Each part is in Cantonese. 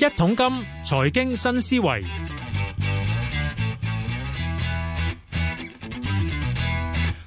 一桶金財經新思維，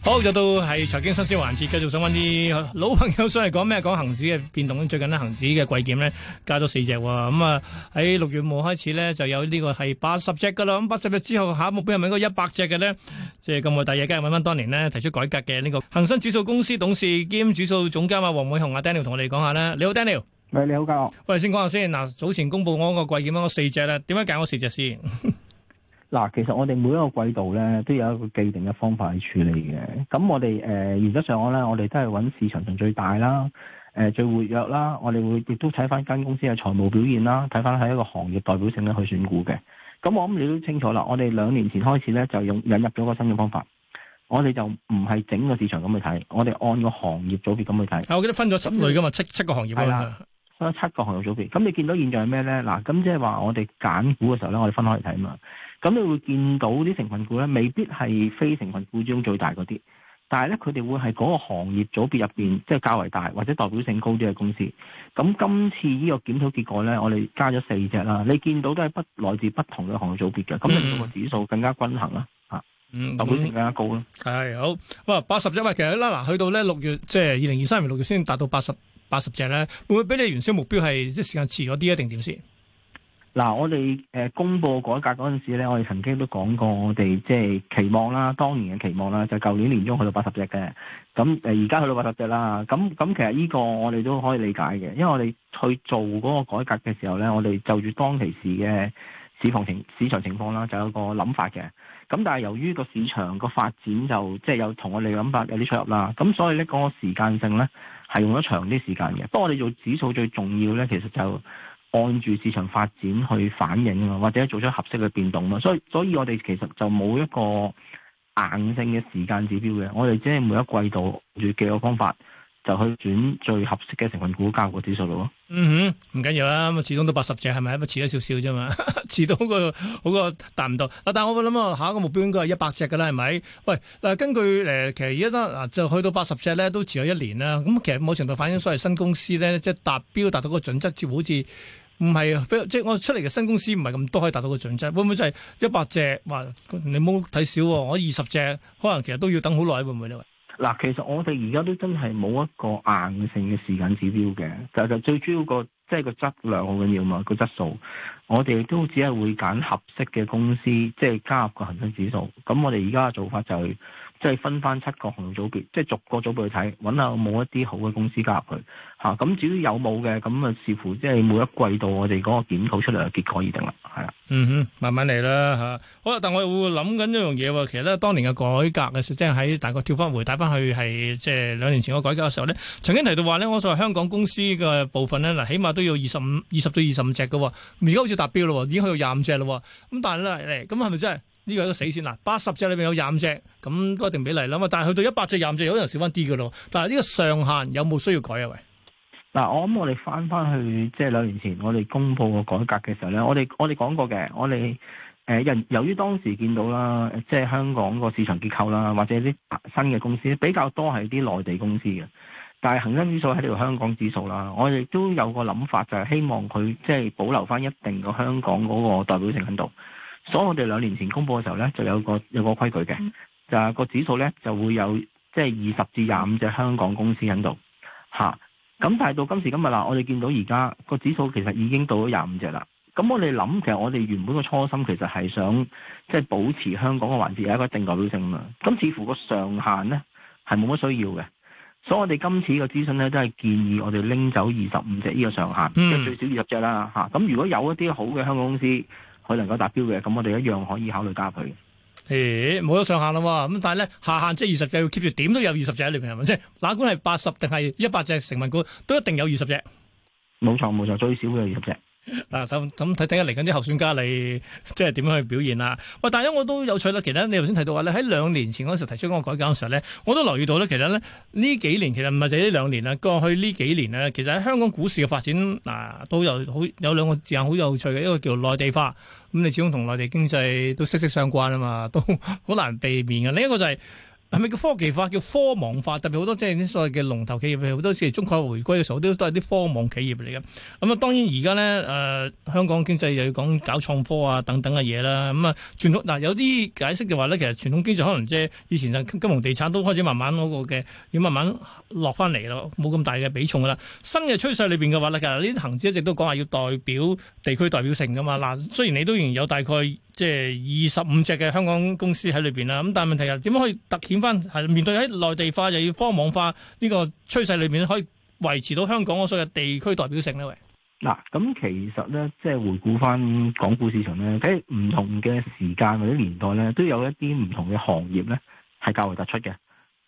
好，又到係財經新思維環節，繼續想揾啲老朋友。想係講咩？講恒指嘅變動。最近咧，恒指嘅貴劍咧加咗四隻。咁啊喺六月五號開始咧就有呢個係八十隻噶啦。咁八十隻之後，下一目標係咪應該一百隻嘅咧？即係咁個大嘢，今日梗係揾翻當年咧提出改革嘅呢個恒生指數公司董事兼指數總監啊，黃偉雄阿 Daniel 同我哋講下啦。你好，Daniel。喂，你好，嘉樂。喂，先講下先。嗱，早前公布我嗰個季檢，我四隻啦。點樣揀我四隻先？嗱， 其實我哋每一個季度咧，都有一個既定嘅方法去處理嘅。咁我哋誒、呃，原則上咧，我哋都係揾市場上最大啦，誒、呃，最活躍啦。我哋會亦都睇翻間公司嘅財務表現啦，睇翻喺一個行業代表性咧去選股嘅。咁我諗你都清楚啦。我哋兩年前開始咧，就引引入咗個新嘅方法，我哋就唔係整個市場咁去睇，我哋按個行業組別咁去睇。我記得分咗十類噶嘛，七七個行業啦七個行業組別，咁你見到現象係咩呢？嗱，咁即係話我哋揀股嘅時候呢，我哋分開嚟睇嘛。咁你會見到啲成分股呢，未必係非成分股中最大嗰啲，但係呢，佢哋會係嗰個行業組別入面，即係較為大或者代表性高啲嘅公司。咁今次呢個檢討結果呢，我哋加咗四隻啦。你見到都係不來自不同嘅行業組別嘅，咁、嗯、令到個指數更加均衡啦。嚇、嗯嗯，代表性更加高啦。係。好，哇，八十隻喂，其實啦，嗱，去到呢六月，即係二零二三年六月先達到八十。八十隻咧，會唔會俾你原先目標係即係時間遲咗啲啊？定點先？嗱，我哋誒公布改革嗰陣時咧，我哋曾經都講過我哋，我哋即係期望啦，當年嘅期望啦，就舊年年中去到八十隻嘅，咁誒而家去到八十隻啦，咁咁其實呢個我哋都可以理解嘅，因為我哋去做嗰個改革嘅時候咧，我哋就住當其時嘅市況情市場情況啦，就有一個諗法嘅，咁但係由於個市場個發展就即係、就係、有同我哋諗法有啲出入啦，咁所以咧講個時間性咧。係用咗長啲時間嘅，不過我哋做指數最重要咧，其實就按住市場發展去反映啊，或者做出合適嘅變動啊，所以所以我哋其實就冇一個硬性嘅時間指標嘅，我哋只係每一季度要幾個方法。就去轉最合適嘅成分股教個指數咯、啊。嗯哼，唔緊要啦，咁啊始終都八十隻係咪啊？遲咗少少啫嘛，遲到個好過達唔到。但係我諗啊，下一個目標應該係一百隻噶啦，係咪？喂，嗱、呃，根據誒、呃，其實而家嗱就去到八十隻咧，都遲咗一年啦。咁、嗯、其實某程度反映所謂新公司咧，即係達標達到個準則，似乎好似唔係，即係我出嚟嘅新公司唔係咁多可以達到個準則，會唔會就係一百隻？話你冇睇少喎，我二十隻，可能其實都要等好耐，會唔會？嗱，其實我哋而家都真係冇一個硬性嘅時間指標嘅，就就最主要個即係個質量好緊要嘛，個質素。我哋都只係會揀合適嘅公司，即係加入個恒生指數。咁我哋而家嘅做法就係。即、就、係、是、分翻七個紅組別，即係逐個組別去睇，揾下冇一啲好嘅公司加入去嚇。咁至於有冇嘅，咁啊視乎即係每一季度我哋嗰個檢討出嚟嘅結果而定啦。係啦，嗯哼，慢慢嚟啦嚇。好啦，但我又會諗緊一樣嘢喎。其實咧，當年嘅改革嘅，即係喺大概跳翻回帶翻去係即係兩年前個改革嘅時候咧，曾經提到話咧，我所謂香港公司嘅部分咧，嗱，起碼都要二十五二十到二十五隻嘅。而家好似達標啦，已經去到廿五隻啦。咁但係咧，咁係咪真係？呢個都死先啦，八十隻裏邊有廿五隻，咁一定比例啦嘛。但係去到一百隻廿五隻，有可能少翻啲㗎咯。但係呢個上限有冇需要改啊？喂，嗱，我諗我哋翻翻去即係兩年前我哋公布個改革嘅時候咧，我哋我哋講過嘅，我哋誒人由於當時見到啦，即係香港個市場結構啦，或者啲新嘅公司比較多係啲內地公司嘅，但係恒生指數喺呢度香港指數啦，我哋都有個諗法就係希望佢即係保留翻一定個香港嗰個代表性喺度。所以我哋兩年前公布嘅時候呢，就有個有個規矩嘅、嗯，就係、係、個指數呢，就會有即係二十至廿五隻香港公司喺度吓。咁但係到今時今日啦，我哋見到而家個指數其實已經到咗廿五隻啦。咁我哋諗，其實我哋原本嘅初心其實係想即係、就係、保持香港嘅環節有一個一定代表性嘛。咁似乎個上限呢係冇乜需要嘅。所以我哋今次個諮詢呢，都係建議我哋拎走二十五隻呢個上限，即、嗯就係、最少二十隻啦吓。咁如果有一啲好嘅香港公司。佢能夠達標嘅，咁我哋一樣可以考慮加入佢。誒、欸，冇咗上限啦，咁但係咧，下限即係二十隻要 keep 住，點都有二十隻喺裏邊，係咪先？哪管係八十定係一百隻成分股，都一定有二十隻。冇錯，冇錯，最少有二十隻。嗱，咁咁睇睇下嚟緊啲候選家你，你即係點樣去表現啦？喂，但係我都有趣啦，其實你頭先提到話咧，喺兩年前嗰時提出嗰個改革嘅時候咧，我都留意到咧，其實咧呢幾年其實唔係就呢兩年啦，過去呢幾年咧，其實喺香港股市嘅發展都有好有兩個字眼好有趣嘅，一個叫內地化，咁你始終同內地經濟都息息相關啊嘛，都好難避免嘅。另一個就係、是。係咪叫科技化？叫科網化？特別好多即係啲所謂嘅龍頭企業，好多次中概回歸嘅時候，都都係啲科網企業嚟嘅。咁啊，當然而家呢，誒、呃、香港經濟又要講搞創科啊，等等嘅嘢啦。咁、嗯、啊，傳統嗱、呃、有啲解釋嘅話呢，其實傳統經濟可能即係以前就金融、地產都開始慢慢嗰、嗰個嘅要慢慢落翻嚟咯，冇咁大嘅比重啦。新嘅趨勢裏邊嘅話呢，其實呢啲恒指一直都講話要代表地區代表性噶嘛。嗱、呃，雖然你都仍然有大概。即係二十五隻嘅香港公司喺裏邊啦，咁但係問題係點樣可以突顯翻係面對喺內地化又要科網化呢個趨勢裏面，可以維持到香港所謂嘅地區代表性呢？喂，嗱，咁其實咧，即係回顧翻港股市場咧，喺唔同嘅時間或者年代咧，都有一啲唔同嘅行業咧係較為突出嘅，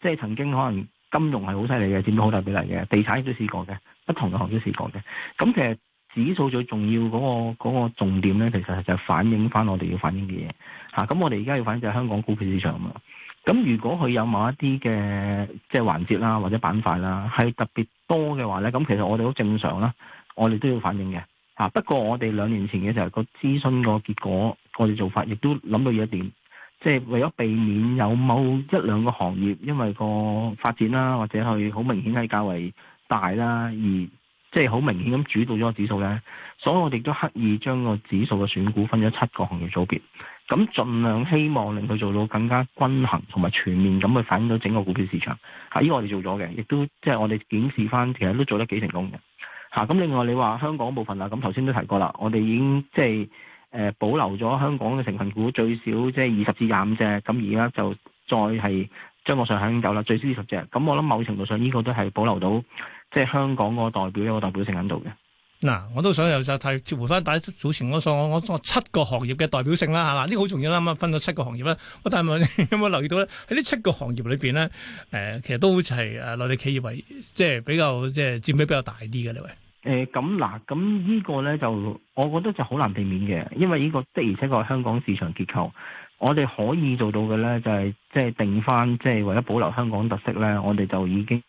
即係曾經可能金融係好犀利嘅，佔到好大比例嘅，地產亦都試過嘅，不同嘅行業都試過嘅，咁其實。指數最重要嗰、嗰個嗰個重點咧，其實就係反映翻我哋要反映嘅嘢嚇。咁我哋而家要反映就係香港股票市場啊嘛。咁如果佢有某一啲嘅即係環節啦，或者板塊啦，係特別多嘅話咧，咁其實我哋好正常啦，我哋都要反映嘅、啊、不過我哋兩年前嘅時候個諮詢個結果，我哋做法亦都諗到一點，即、就、係、係、為咗避免有某一兩個行業因為個發展啦，或者佢好明顯係較為大啦而。即係好明顯咁主導咗個指數咧，所以我哋都刻意將個指數嘅選股分咗七個行業組別，咁盡量希望令佢做到更加均衡同埋全面咁去反映到整個股票市場。吓、這、呢個我哋做咗嘅，亦都即係我哋檢視翻，其實都做得幾成功嘅。咁另外你話香港部分啦，咁頭先都提過啦，我哋已經即係誒保留咗香港嘅成分股最少即係二十至廿五隻，咁而家就再係。將我上響走啦，最少十隻。咁我諗某程度上呢個都係保留到，即係香港個代表一個代表性喺度嘅。嗱，我都想又就提回翻，大家早前我所我我七個行業嘅代表性啦，嗱呢個好重要啦。咁分咗七個行業啦。我但係問有冇留意到咧？喺呢七個行業裏面咧、呃，其實都好似係內地企業為，即係比較即係佔比比較大啲嘅呢位。誒咁嗱，咁呢個咧就我覺得就好難避免嘅，因為呢個的而且確香港市場結構。我哋可以做到嘅呢，就係即係定翻，即係為咗保留香港特色呢，我哋就已經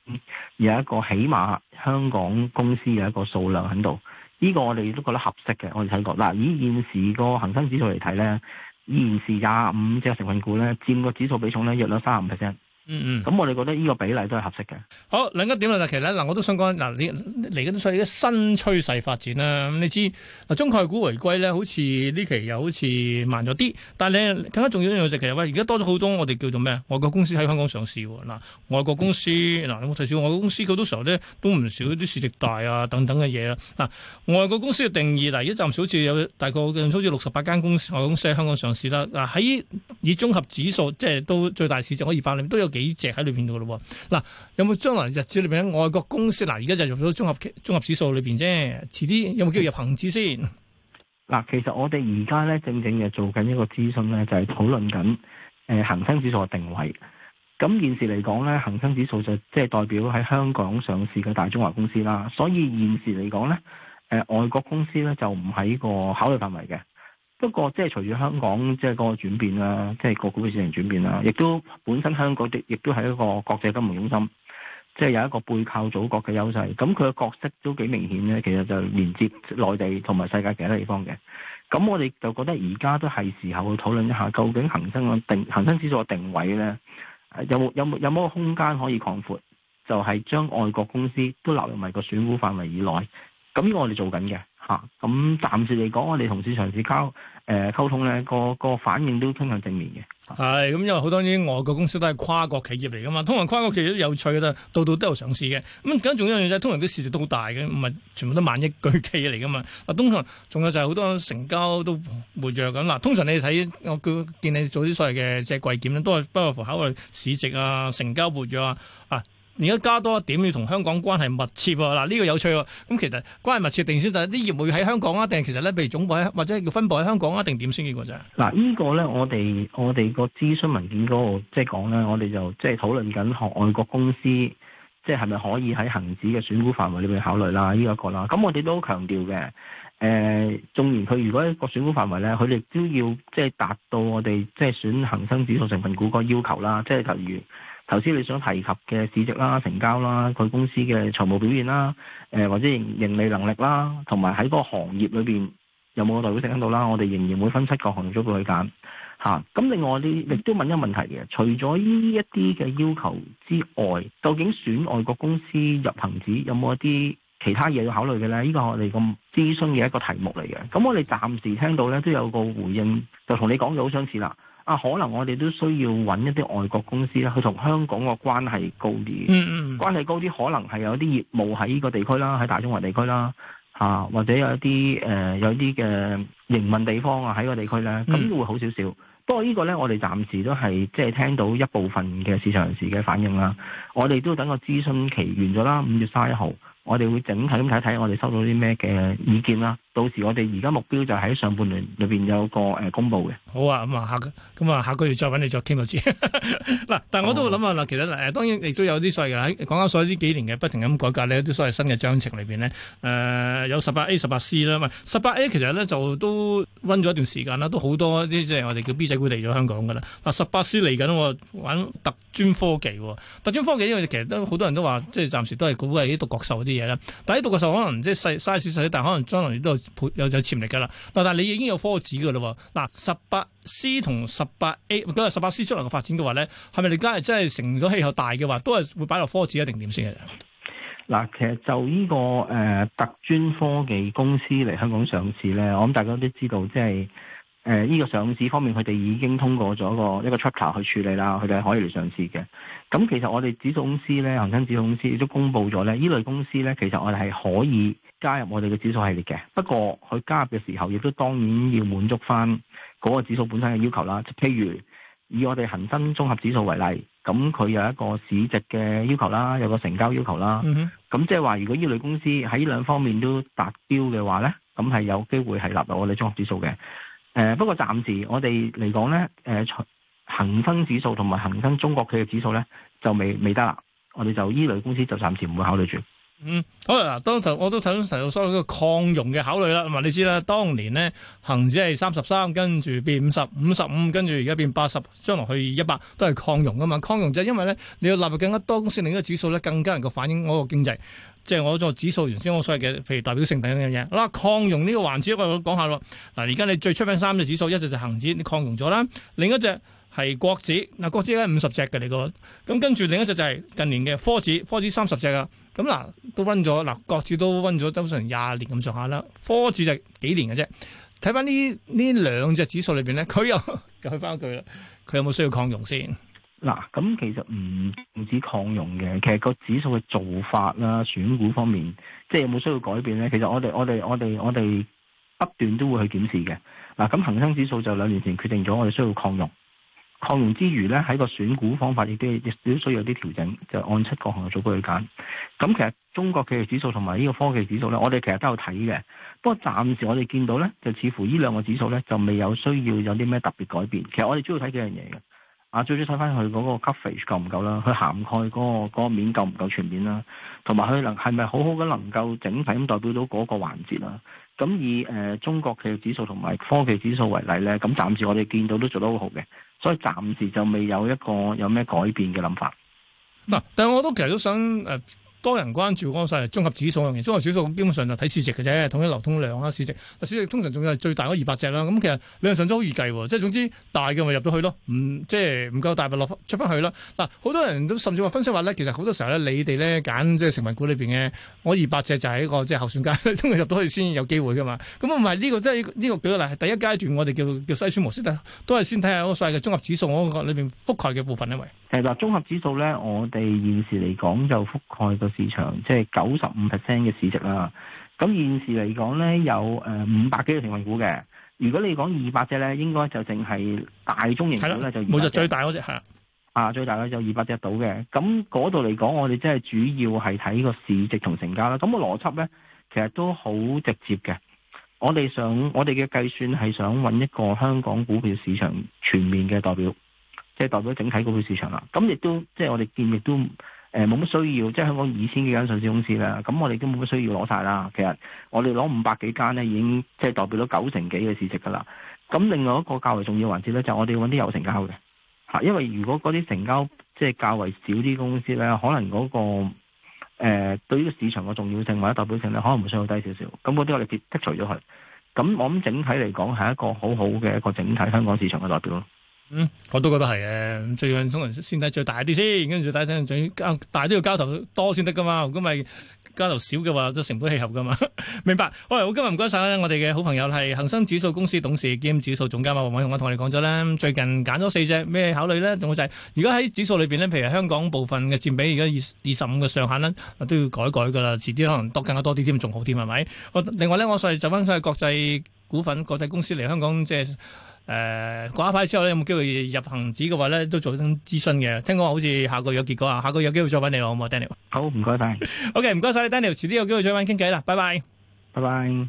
有一個起碼香港公司嘅一個數量喺度。呢個我哋都覺得合適嘅，我哋睇過嗱，以現時個恒生指數嚟睇咧，現時廿五隻成份股呢佔個指數比重呢約咗三十五 percent。嗯嗯，咁我哋覺得呢個比例都係合適嘅。好，另一點呢，就其實呢，嗱，我都想講嗱，嚟緊都所以新趨勢發展啦。你知嗱，中概股回歸咧，好似呢期又好似慢咗啲。但係咧，更加重要一樣就係其實而家多咗好多我哋叫做咩外國公司喺香港上市喎嗱，外國公司嗱，我提示外國公司好多時候呢，都唔少啲市值大啊等等嘅嘢啦嗱。外國公司嘅定義嗱，一暫時好似有大概好似六十八間公司外國公司喺香港上市啦嗱。喺以綜合指數即係都最大市值可以八十都有。幾隻喺裏邊度咯？嗱，有冇將來日子裏邊外國公司？嗱，而家就入咗綜合綜合指數裏邊啫。遲啲有冇機會入恒指先？嗱，其實我哋而家咧正正就做緊一個諮詢咧，就係討論緊誒恒生指數嘅定位。咁現時嚟講咧，恒生指數就即係代表喺香港上市嘅大中華公司啦。所以現時嚟講咧，誒外國公司咧就唔喺個考慮範圍嘅。不過，即係隨住香港即係嗰個轉變啦，即係個股票市場轉變啦，亦都本身香港亦亦都係一個國際金融中心，即係有一個背靠祖國嘅優勢。咁佢嘅角色都幾明顯咧。其實就連接內地同埋世界其他地方嘅。咁我哋就覺得而家都係時候去討論一下，究竟恒生定恆生指數定，定位咧，有冇有冇有冇個空間可以擴闊？就係將外國公司都納入埋個選股範圍以內。咁呢個我哋做緊嘅。咁、啊、暫時嚟講，我哋同市場市交、呃，溝通咧，個個反應都傾向正面嘅。咁、啊、因為好多啲外國公司都係跨國企業嚟噶嘛，通常跨國企業都有趣㗎喇，到度都有上市嘅。咁緊仲有一樣就係，通常啲市值都好大嘅，唔係全部都萬億巨企嚟噶嘛。通常仲有就係好多成交都活躍咁。嗱、啊，通常你睇我見見你做啲所謂嘅即係櫃檢都係不外乎考慮市值啊、成交活躍啊，啊。而家加多一點，要同香港關係密切喎。嗱，呢個有趣喎。咁其實關係密切定先，但係啲業務要喺香港啊，定其實咧，譬如總部喺或者要分佈喺香港啊，定點先呢個啫。嗱，呢個咧，我哋我哋個諮詢文件嗰度即係講咧，我哋就即係討論緊學外國公司，即係係咪可以喺恒指嘅選股範圍裏邊考慮啦？呢、這個、一個啦，咁我哋都強調嘅。誒、呃，縱然佢如果一個選股範圍咧，佢哋都要即係達到我哋即係選恒生指數成分股個要求啦。即係例如。頭先你想提及嘅市值啦、成交啦、佢公司嘅財務表現啦、呃、或者盈盈利能力啦，同埋喺個個行業裏面有冇代表性喺度啦，我哋仍然會分析各個行業組別去揀吓。咁另外你亦都問一問題嘅，除咗呢一啲嘅要求之外，究竟選外國公司入恒指有冇一啲其他嘢要考慮嘅咧？呢個係我哋個諮詢嘅一個題目嚟嘅。咁我哋暫時聽到咧都有個回應，就同你講咗好相似啦。啊，可能我哋都需要揾一啲外國公司啦去同香港個關係高啲，mm -hmm. 關係高啲，可能係有啲業務喺呢個地區啦，喺大中華地區啦，嚇、啊、或者有啲誒、呃、有啲嘅營運地方啊喺個地區呢咁會好少少。Mm -hmm. 不過呢個呢，我哋暫時都係即係聽到一部分嘅市場人士嘅反應啦。我哋都等個諮詢期完咗啦，五月三一號。我哋會整體咁睇睇，我哋收到啲咩嘅意見啦。到時我哋而家目標就喺上半年裏邊有個誒公佈嘅。好啊，咁啊下個咁啊下個月再揾你再傾過次。嗱， 但係我都諗下嗱，其實嗱，當然亦都有啲所謂嘅啦。講緊聯交所呢幾年嘅不停咁改革咧，啲所謂新嘅章程裏邊呢，誒、呃、有十八 A、十八 C 啦嘛。十八 A 其實呢，就都溫咗一段時間啦，都好多啲即係我哋叫 B 仔股嚟咗香港嘅啦。嗱，十八 C 嚟緊喎，玩特專科技，特專科技因為其實都好多人都話，即係暫時都係估係啲獨角獸啲嘢啦，但係喺度嘅時候可能即係細嘥少少，但係可能將來都有有潛力噶啦。嗱，但係你已經有科指噶啦，嗱十八 C 同十八 A，都係十八 C 出來嘅發展嘅話咧，係咪你而家係真係成咗氣候大嘅話，都係會擺落科指一定點先嘅？嗱，其實就呢、這個誒、呃、特專科技公司嚟香港上市咧，我諗大家都知道，即係誒呢個上市方面，佢哋已經通過咗個一個出口去處理啦，佢哋係可以嚟上市嘅。咁其實我哋指數公司咧，恒生指數公司亦都公布咗咧，呢類公司咧，其實我哋係可以加入我哋嘅指數系列嘅。不過佢加入嘅時候，亦都當然要滿足翻嗰個指數本身嘅要求啦。譬如以我哋恒生綜合指數為例，咁佢有一個市值嘅要求啦，有個成交要求啦。嗯哼。咁即係話，如果呢類公司喺兩方面都達標嘅話咧，咁係有機會係納入我哋綜合指數嘅。誒、呃，不過暫時我哋嚟講咧，呃恒生指數同埋恒生中國企業指數咧就未未得啦，我哋就呢類公司就暫時唔會考慮住。嗯，好嗱，當頭我都頭先提到所有個擴容嘅考慮啦。同埋你知啦，當年咧恒指係三十三，跟住變五十、五十五，跟住而家變八十，將來去一百都係擴容噶嘛。擴容就因為咧你要納入更加多公司，令到指數咧更加能夠反映嗰個經濟。即係我做指數原先我所謂嘅，譬如代表性第一樣嘢，好啦，擴容呢個環節我講下咯。嗱，而家你最出名三隻指數，一隻就恒指，你擴容咗啦，另一隻。係國指嗱，國指咧五十隻嘅，你講，咁跟住，另一隻就係近年嘅科指，科指三十隻啊，咁嗱都溫咗嗱，國指都溫咗都成廿年咁上下啦，科指就是幾年嘅啫。睇翻呢呢兩隻指數裏邊咧，佢又又去翻一句啦，佢有冇需要擴容先？嗱，咁其實唔止擴容嘅，其實個指數嘅做法啦、選股方面，即係有冇需要改變咧？其實我哋我哋我哋我哋不斷都會去檢視嘅。嗱，咁恒生指數就兩年前決定咗，我哋需要擴容。擴容之餘咧，喺個選股方法亦都亦都需要有啲調整，就按七個行業組別去揀。咁其實中國企業指數同埋呢個科技指數咧，我哋其實都有睇嘅。不過暫時我哋見到咧，就似乎呢兩個指數咧就未有需要有啲咩特別改變。其實我哋主要睇幾樣嘢嘅，啊，最主要睇翻佢嗰個 coverage 夠唔夠啦，佢涵蓋嗰個嗰個面夠唔夠全面啦，同埋佢能係咪好好嘅能夠整體咁代表到嗰個環節啦。咁以誒中國企業指數同埋科技指數為例咧，咁暫時我哋見到都做得好好嘅。所以暫時就未有一個有咩改變嘅諗法。嗱，但係我都其實都想誒，呃多人關注嗰個細嘅綜合指數，然綜合指數基本上就睇市值嘅啫，統一流通量啦，市值。市值通常仲有最大嗰二百隻啦。咁其實量上都好易計，即係總之大嘅咪入到去咯。唔即係唔夠大咪落出翻去咯。嗱，好多人都甚至話分析話咧，其實好多時候呢，你哋咧揀即係成分股裏面嘅，我二百隻就係一個即係候選階段先入到去先有機會噶嘛。咁唔係呢個都係呢個舉個例，第一階段我哋叫叫篩選模式，都係先睇下嗰細嘅綜合指數嗰個裏面覆蓋嘅部分，因為。誒，嗱，綜合指數咧，我哋現時嚟講就覆蓋個市場，即係九十五 percent 嘅市值啦。咁現時嚟講咧，有誒五百幾個成分股嘅。如果你講二百隻咧，應該就淨係大中型股，就冇，就最大嗰隻係啊，最大呢，就二百隻到嘅。咁嗰度嚟講，我哋真係主要係睇個市值同成交啦。咁、個邏輯咧，其實都好直接嘅。我哋想，我哋嘅計算係想搵一個香港股票市場全面嘅代表。即係代表整體股票市場啦，咁亦都即係我哋見，亦都誒冇乜需要，即係香港二千幾間上市公司啦，咁我哋都冇乜需要攞晒啦。其實我哋攞五百幾間咧，已經即係代表咗九成幾嘅市值㗎啦。咁另外一個較為重要環節咧，就我哋搵啲有成交嘅，因為如果嗰啲成交即係較為少啲公司咧，可能嗰個誒對呢個市場嘅重要性或者代表性咧，可能唔需要低少少。咁嗰啲我哋剔除咗佢。咁我諗整體嚟講係一個好好嘅一個整體香港市場嘅代表咯。嗯，我都覺得係嘅。最緊先睇最大啲先，跟住再睇睇，大都要交投多先得噶嘛。如果咪交投少嘅話，都成本氣候噶嘛呵呵。明白？喂，我今日唔該晒。我哋嘅好朋友係恒生指數公司董事兼指數總監啊，黃偉雄，我同你講咗呢，最近揀咗四隻咩考慮呢？仲好就係、是、如果喺指數裏面呢，譬如香港部分嘅佔比，而家二二十五嘅上限呢，都要改改噶啦，遲啲可能多更加多啲添，仲好添係咪？另外呢，我就走翻出去國際股份、國際公司嚟香港即係。誒、呃，過一排之後咧，有冇機會入恒指嘅話咧，都做啲諮詢嘅。聽講好似下個月有結果啊，下個月有機會再揾你喇，好唔好，Daniel？好，唔該晒。ok 唔該晒你，Daniel。遲啲有機會再揾傾偈啦，拜拜。拜拜。